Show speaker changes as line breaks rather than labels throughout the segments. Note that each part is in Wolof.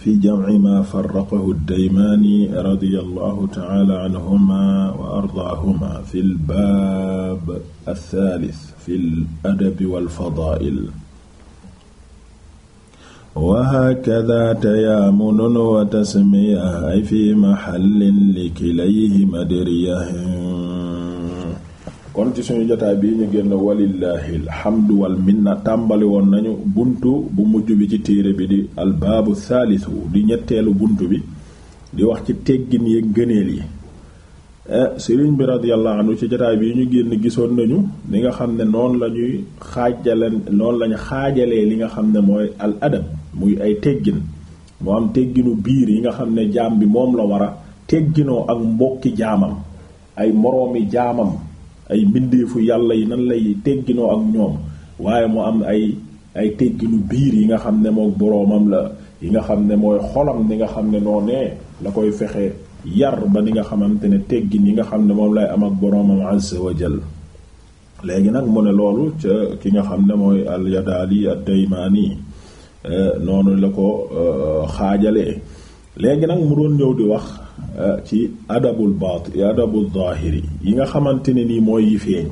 fi jamci ma farraqahu ddaymaani radiyallahu ta'ala anhuma wa ardaahuma fi lbaab althaalith fi ladabi walfadaa'il wa hakadha tayaamunun wa tasmiya ay fi mahallin likilayhima diriyah kon ci suñu jotaay bii ñu génn walillahi alhamdu wal minna tàmbali woon nañu buntu bu mujj bi ci téere bi di albaabu thaalithu di ñetteelu bunt bi di wax ci teggin yi gëneel yi eh, sëriñ bi radiyallahu anhu ci jotaay bi ñu génn gisoon nañu li nga xam ne noonu la ñuy xaajaleen noonu lañu xaajalee li nga xam ne mooy al adab muy ay teggin moo am tegginu biir yi nga xam ne jaam bi moom la war a tegginoo ak mbokki jaamam ay moroomi jaamam ay mbindeefu yàlla yi nan lay tegginoo ak ñoom waaye mu am ay ay tegginu biir yi nga xam ne moom boroomam la yi nga xam ne mooy xolam ni nga xam ne noo la koy fexe yar ba ni nga xamante ne teggin yi nga xam ne moom lay am ak boroomam azza wa jal léegi nag mu ne loolu ca ki nga xam ne mooy al yadaali ad eh, noonu la ko eh, xaajalee léegi nag mu doon ñëw di wax euh, ci adabul baati adabul zahiri yi nga xamante ne nii mooy yi feeñ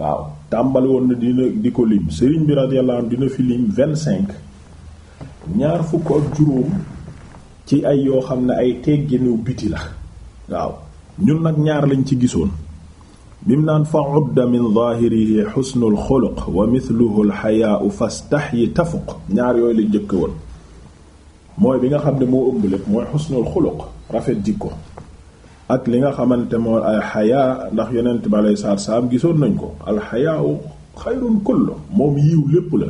waaw tàmbali woon na dina di ko lim sëriñ bi radiyallahu anhu dina fi cinq ñaar fukk ak juróom ci ay yoo xam ne ay tegginu biti la waaw ñun nag ñaar lañ ci gisoon bi mu naan fa udda min zahirihi xusnul xuluq wa mithluhu al xayaau fastaxyi tafuq ñaar yooyu la jëkk woon mooy bi nga xam ne moo ëmb lépp mooy xusnul xuluq rafet jikko ak li nga xamante mooy ay xayaa ndax yonent bi aleyhi salaatu salaam gisoon nañ ko alxayaau xayrun kullu moom yiw lépp la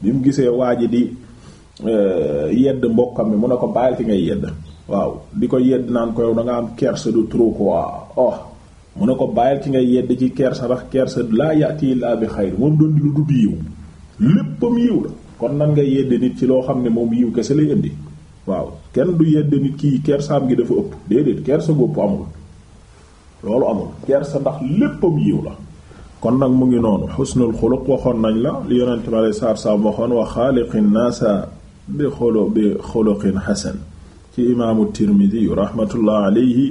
bi mu gisee waa ji di euh, yedd mbokkam mi mu ne ko bàyyil ki ngay yedd waaw di ko yedd naan ko yow da du trop quoi oh mu ne ko bàyyil ki ngay yedd ci kersa ndax kersa laa yati illa bi xayr moom doon lu dugg yiw léppam yiw la kon nan ngay yedde nit ci loo xam ne moom yiw kese lay indi waaw kenn du yedde nit kii kersaam gi dafa ëpp déedéet kersa gópp amul loolu amul kersa ndax léppam yiw la kon nag mu ngi noonu xusnul xuluq waxoon nañ la li yonente bi alei saatu salaam waxoon wa xaaliqin naasa bi xulu bi xasan ci imaamu tirmidi rahmatullah alayhi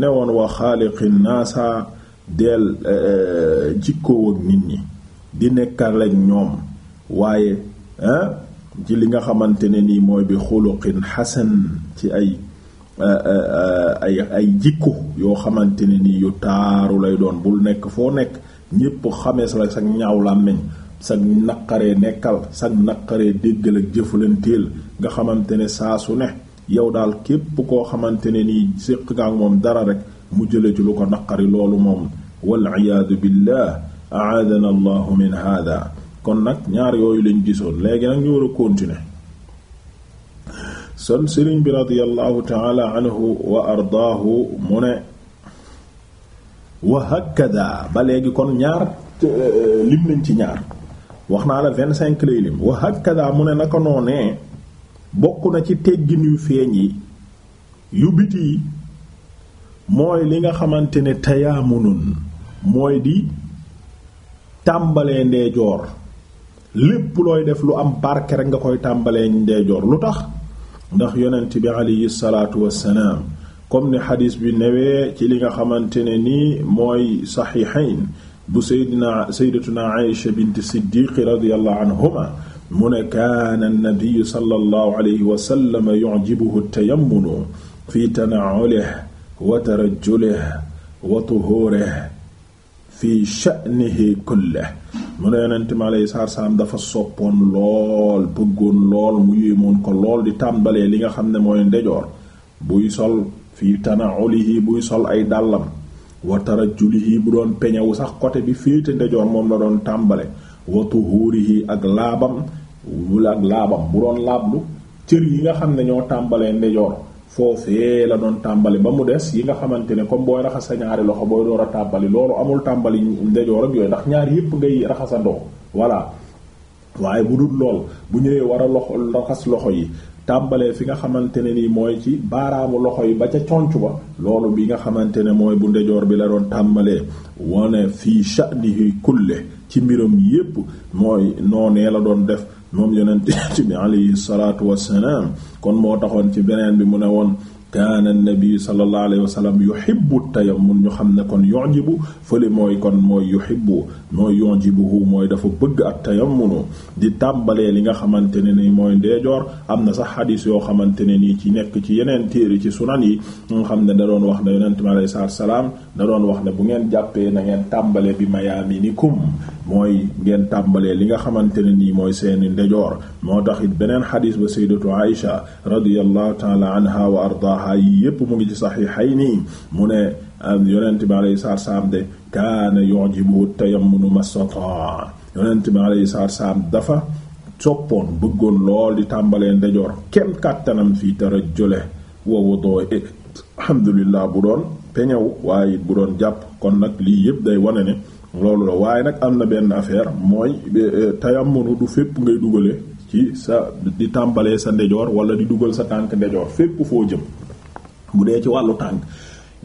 ne woon wa xaaliqin naasa deel eh, eh, jikkoo ak nit ñi di nekkal ak ñoom waaye Ah, ci li nga xamante ne nii mooy bi xuluqin xasan ci ay ah, ah, ay ay yoo xamante ne nii yu taaru lay doon bul nekk foo nekk ñépp xamees la sag ñaaw làmmiñ sag naqaree nekkal sag naqaree déggal ak jëfalanteel nga xamante ne saa su ne yow daal képp koo xamante ne nii séq nga moom dara rek mu jële ci lu ko naqari loolu moom wal iyaadu billah aadana allahu min hada kon nag ñaar yooyu lañ gisoon léegi nag ñu war a continuer son sëriñ bi radiyallahu taala anhu wa ardaahu mu ne wa ba léegi kon ñaar lim nañ ci ñaar wax naa la vingt cinq lay lim wa mu ne naka noonee bokk na ci teggin yu feeñ yi yu biti mooy li nga xamante ne tayaamunun mooy di tàmbalee ndeyjoor lépp looy def lu am barke rek nga koy tàmbalee ndeejoor lu tax ndax yonent bi alayhi salaatu wassalaam comme ni xadis bi newee ci li nga xamante ne nii mooy saxiixayn bu sayyidina sayyidatuna Aïsha bint Siddiq radiyallahu anhuma mu ne kaana an-nabiy sallallahu alayhi wa sallam yu'jibuhu at-tayammunu fi tana'ulihi wa tarajjulihi wa tuhurihi fi sha'nihi kullihi mu ne yonent mi alayhi salaatu dafa soppoon lool bëggoon lool mu yéemoon ko lool di tàmbalee li nga xam ne mooy ndejoor buy sol fii tana'ulihi buy sol ay dàllam wa tarajjulihi bu doon peñewu sax côté bi féete ndejoor moom la doon tàmbale wa tuhurihi ak laabam wula ak laabam bu doon laablu cër yi nga xam ne ñoo tàmbalee ndejoor foofee la doon tàmbali ba mu des yi nga xamante ne comme booy raxas sa ñaari loxo booy door a tàmbali loolu amul tàmbali ndejoor ak yooyu ndax ñaar yépp ngay raxasandoo voilà waaye bu dul lool bu ñëwee war a loxo raxas loxo yi tàmbalee fi nga xamante ne nii mooy ci baaraamu loxo yi ba ca conc ba loolu bi nga xamante ne mooy bu ndejoor bi la doon tàmbalee wane fii sha'nihi kulle ci mbiram yépp mooy noonee la doon def moom yonent bi alayhi salaatu wassalaam kon moo taxoon ci beneen bi mu ne woon kaana nabi sallallahu alayhi wa sallam yuhibbu tayammum ñu xam ne kon yujibu fële mooy kon mooy yuhibbu mooy yujibuhu mooy dafa bëgg ak tayammunu di tàmbalee li nga xamante ne ni mooy ndeejoor am na sax xadiis yoo xamante ne nii ci nekk ci yeneen téere ci sunan yi nga xam ne da wax na yonent mi alayhi salaam da wax ne bu ngeen jàppee na ngeen tàmbalee bi mayaaminikum mooy ngeen tàmbalee li nga xamante ne nii mooy seeni ndejoor moo tax it beneen xadiis ba sayyidatu Aisha radiyallahu ta'ala anha wa arda Talha yii yépp mu ngi ci Sahihayni mu ne yonent bi alayhi salaatu salaam de kaana yu'jibu tayammunu masata yonent bi alayhi salaatu salaam dafa soppoon bëggoon lool di tàmbalee ndejoor kenn kàttanam fii tarajjule wa wudoo e alhamdulillah bu doon peñew waaye it bu doon jàpp kon nag lii yépp day wane ne loolu la waaye nag am na benn affaire mooy e, e, tayammunu du fépp ngay dugale ci sa di tàmbalee sa ndejoor wala di dugal sa tànk ndejoor fépp foo jëm bu dee ci wàllu tànk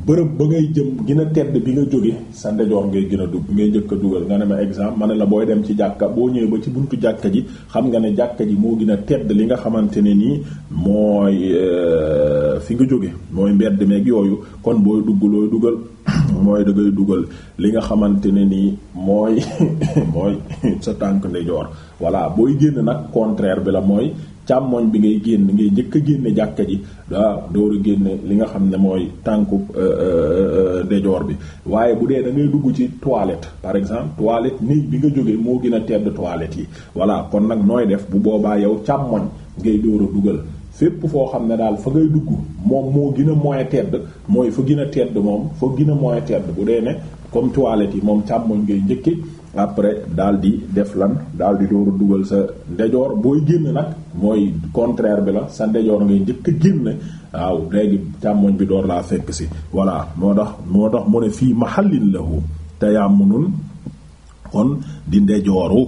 bërëb ba ngay jëm gën a tedd bi nga jóge sa ndejoor ngay gën a dugg ngay njëkk a dugal nga ne ma exemple ma ne la booy dem ci jàkka boo ñëwee ba ci buntu jàkka ji xam nga ne jàkka ji moo gën a tedd li nga xamante ne nii mooy euh, fi nga jóge mooy mbedd meeg yooyu kon booy dugg looy dugal mooy da dugal li nga xamante ne nii mooy mooy sa tànk ndejoor voilà booy génn nag contraire bi la mooy càmmoñ bi ngay génn ngay njëkk a génne jàkka ji waaw door génne li nga xam ne mooy tànku euh, euh, euh, dejoor bi waaye bu dee da ngay dugg ci toilette par exemple toilette néeg bi nga jógee moo gën a tedd toilette yi voilà kon nag nooy def bu boobaa yow càmmoñ ngay door a dugal fépp foo xam ne daal fa ngay dugg moom moo gën a mooy tedd mooy fa gën a tedd moom fa gën a mooy tedd bu dee ne comme toilette yi moom càmmoñ ngay njëkki après daal di def lan daal di dooru dugal sa ndejoor booy génn nag mooy contraire bi la sa ndejoor ngay njëkk a génn waaw léegi càmmoñ bi door laa fekk si voilà moo tax moo tax mu ne fii mahallin lahu tayammunun kon di ndejooru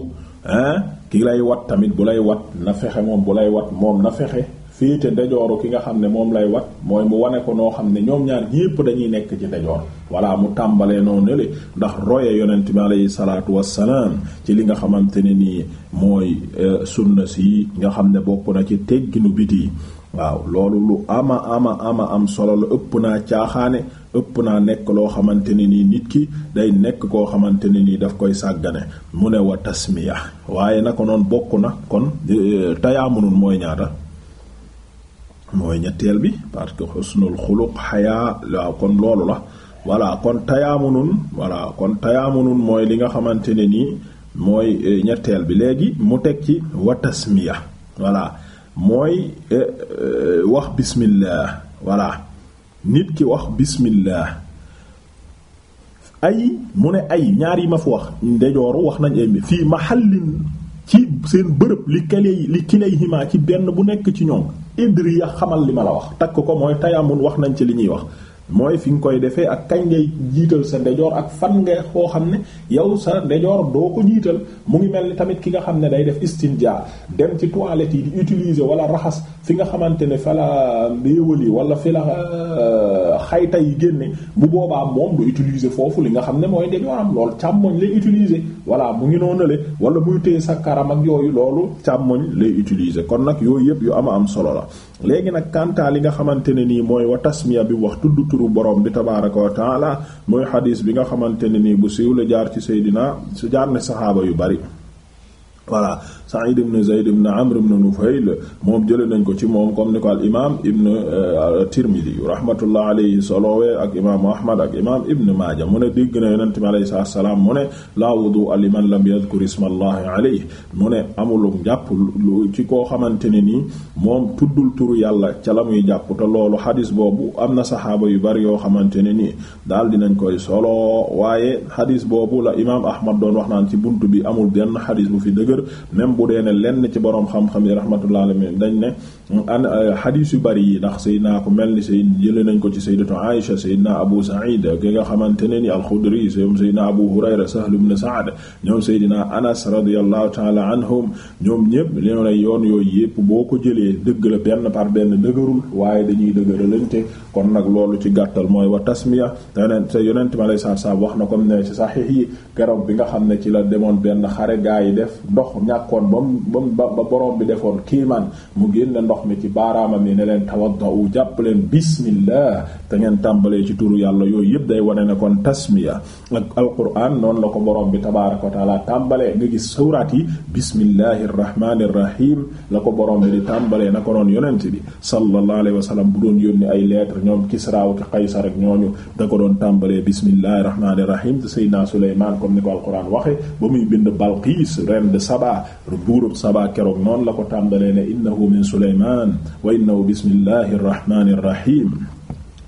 hein ki lay wat tamit bu lay wat na fexe moom bu lay wat moom na fexe féete ndejooru ki nga xam ne moom lay wat mooy mu wane ko noo xam ne ñoom ñaar ñépp dañuy nekk ci ndejoor walla mu tàmbalee noonu le ndax roye yonent bi alayhi salaatu wassalaam ci li nga xamante ne nii mooy euh, sunna si nga xam ne bokk na ci tegginu biti waaw loolu lu ama ama ama am solo la ëpp naa caaxaane ëpp naa nekk loo xamante ne nii nit ki day nekk koo xamante ne nii daf koy sàggane mu ne wa tasmiya waaye ko noonu bokk na kon euh, tayaamunun mooy ñaata mooy ñetteel bi parce que xusnul xuluq xayaa waaw kon loolu la voilà kon tayaamunun voilà kon tayaamunun mooy li nga xamante ne nii mooy e, ñetteel bi léegi mu teg ci wa tasmiya voilà mooy e, e, wax bismillah voilà nit ki wax bismillah ay mu ne ay ñaar yi ma fa wax ndejooru wax nañ ay fii mahallin ci seen bërëb li kale li kilayhima ci benn bu nekk ci ñoom idriya xamal li ma la wax takk ko mooy tayammum wax nañ ci li ñuy wax mooy fi nga koy defee ak kañ ngay jiital sa ndejoor ak fan nga koo xam ne yow sa ndejoor doo ko jiital mu ngi mel ni tamit ki nga xam ne day def istinja dem ci toilette yi di utiliser wala raxas fi nga xamante ne fa la mbéewal yi wala fi euh, xayta yi génne bu boobaa moom du utiliser foofu li nga xam ne mooy ndejooram loolu càmmoñ lay utiliser voilà mu ngi noonu le wala muy téye sa karam ak yooyu loolu càmmoñ lay utiliser kon nag yooyu yëpp yu ama am solo la léegi nag kantaa li nga xamante ne nii mooy wa tasmiya bi wax tudd turu borom bi tabaraka wa taala mooy xadiis bi nga xamante ne nii bu siiw la jaar ci seydinaa su jaar ne saxaaba yu bari voilà Sa'id ibn Zayd ibn Amr ibn Nufayl moom jële nañ ko ci moom comme ni ko al imam ibn euh, Tirmidhi yu rahmatullah alayhi solowee ak imaamu Ahmad ak imam ibn Maaja mu ne dégg na yonente mi alayhi salaatu salaam mu ne la wudu liman lam yadhkur ismallahi alayhi mu ne amulu jàpp lu ci koo xamante ne nii moom tuddul turu yàlla ca la muy jàpp te loolu xadis boobu am na saxaaba yu bari yoo xamante ne nii daal di nañ koy solo waaye xadis boobu la imam Ahmad doon wax naan ci bunt bi amul benn xadis dëgër même bu dee ne lenn ci boroom xam-xam yi rahmatullah alayhi dañ ne an euh, xadiis yu bari yi ndax Seydina ko mel ni Seydina jële nañ ko ci Sayyidatu Aïsha Seydina Abu Sa'id ki nga xamante ne ni al-Xudri ñoom Seydina Abu Hurayra Sahl ibn Sa'd ñoom Seydina Anas radiyallahu ta'ala anhum ñoom ñëpp ñoo ne yoon yooyu yëpp boo ko jëlee dëgg la benn par benn dëgërul waaye dañuy dëgëralante kon nag loolu ci gàttal mooy wa tasmiya yonent sa yonent ma lay saar saab wax na comme ne si saxiix yi keroog bi nga xam ne ci la demoon benn xare gaa yi def ndox ñàkkoon ba ba ba bi defoon kiimaan mu génne ndox mi ci baaraamam ni ne leen tawaddu jàpp leen bismillah te ngeen tàmbalee ci turu yàlla yooyu yëpp day wane ne kon tasmiya ak alquran noonu la ko borom bi tabaaraka wa taala tàmbalee nga gis sawraat yi bismillahir rahmanir rahim la ko borom bi di tàmbalee na ko noon yonent bi sallallahu alayhi wa sallam bu doon yónni ay lettre ñoom Kisra ak Qaysar ak ñooñu da ko doon tàmbalee bismillahir rahmanir rahim te Seydina Sulaymaan comme ni ko alquran waxe ba muy bind Balqiis reine de buurub Saba keroog noonu la ko tàmbalee ne innahu min Sulaymaan rahmaan wa innahu bismillahi rahmaani rahiim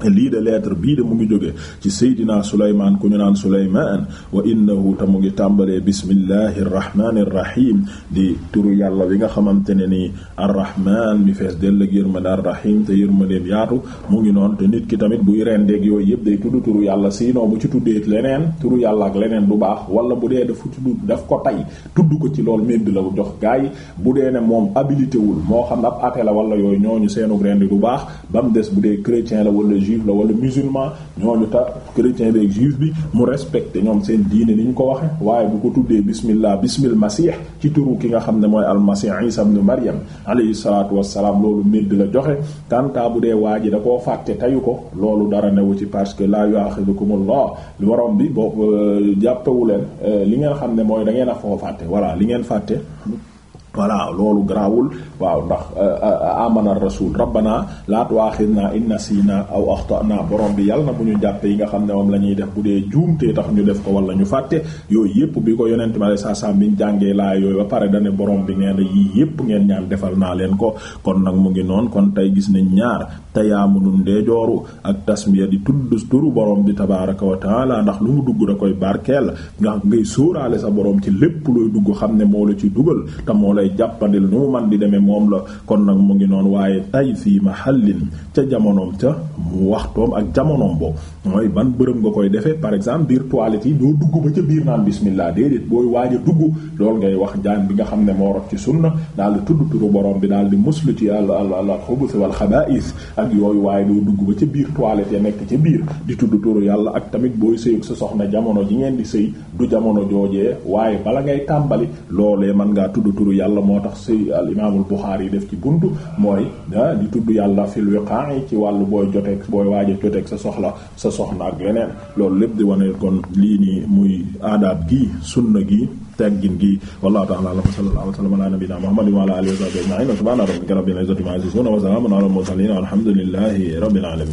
lii de lettre bii de mu ngi jóge ci seydina suleymaan ku ñu naan suleymaan wa innahu te mu ngi tàmbalee bismillahi arrahmani irrahim di turu yàlla bi nga xamante ne nii arrahman mi fees dell ak yërmande arrahim te yërmandeem yaatu mu ngi noonu te nit ki tamit buy rendeeg yooyu yëpp day tudd turu yàlla sinon bu ci tuddee leneen turu yàlla ak leneen du baax wala bu dee dafa tudd daf ko tay tudd ko ci lool médd la bu jox gaa yi bu dee ne moom habilité wul moo xam ab athée la wala yooyu ñooñu seenu rendi du baax ba mu la wala juif la wala musulman ñooñu ta chrétien beeg juif bi mu respecté ñoom seen diine ni ñu ko waxe waaye bu ko tuddee bismillah bismil masih ci turu ki nga xam ne mooy almasih isa ibn maryam alayhi salatu wasalaam loolu médd la joxe kantaa bu dee waa ji da koo fàtte tayu ko loolu dara newu ci parce que la yu'akhidukumullah warom bi boo euh, jàppewu leen euh, li ngeen xam ne mooy da ngeen a foo fàtte li ngeen fàtte voilà loolu garaawul waaw ndax euh, euh, amana rasul rabbana laa tu'akhidna in nasina aw naa borom bi yàlla na bu ñu jàppe yi nga xam ne moom la ñuy def bu dee juumtee tax ñu def ko wala ñu fàtte yooyu yëpp bi ko yonent ma saa saa biñ jàngee laa yooyu ba pare dane borom bi nee na yii yëpp ngeen ñaan defal naa leen ko kon nag mu ngi noon kon tey gis nañ ñaar te tayaamunum dee jooru ak tasmiya di tudd turu borom bi tabaraka wa taala ndax lu mu dugg da koy barkeel nga ngay sóoraale sa borom ci lépp luy dugg xam ne moo la ci dugal lay jàppandil nu mu man di demee moom la kon nag mu ngi noonu waaye tay fii mahallin ca jamonoom ca mu waxtoom ak jamonoom boobu mooy ban bërëm nga koy defee par exemple biir toilette yi doo dugg ba ca biir naan bismillah déedéet booy waaj dugg loolu ngay wax jaan bi nga xam ne moo rot ci sunna daal di tudd turu borom bi daal di muslu ci al al al xubuth wal xabaa'is ak yooyu waaye doo dugg ba ca biir toilette ya nekk ca biir di tudd turu yàlla ak tamit booy sëy sa soxna jamono ji ngeen di sëy du jamono joojee waaye bala ngay tàmbali loolee man ngaa tudd turu yàlla la moo tax si al imaamul Buxaari yi def ci bunt mooy ah di tudd yàlla fil wiqa'i ci wàll booy joteeg booy waaj a sa soxla sa soxna ak leneen loolu lépp di wane kon lii nii muy aadaab gi sunna gi teggin gi wallahu ta'ala a'lam wa sallallahu alayhi wa sallam ala nabiyyina muhammadin wa ala alihi wa sahbihi wa subhana rabbika rabbil izzati amma yasifun wa salamun ala al mursalin walhamdulillahi rabbil alamin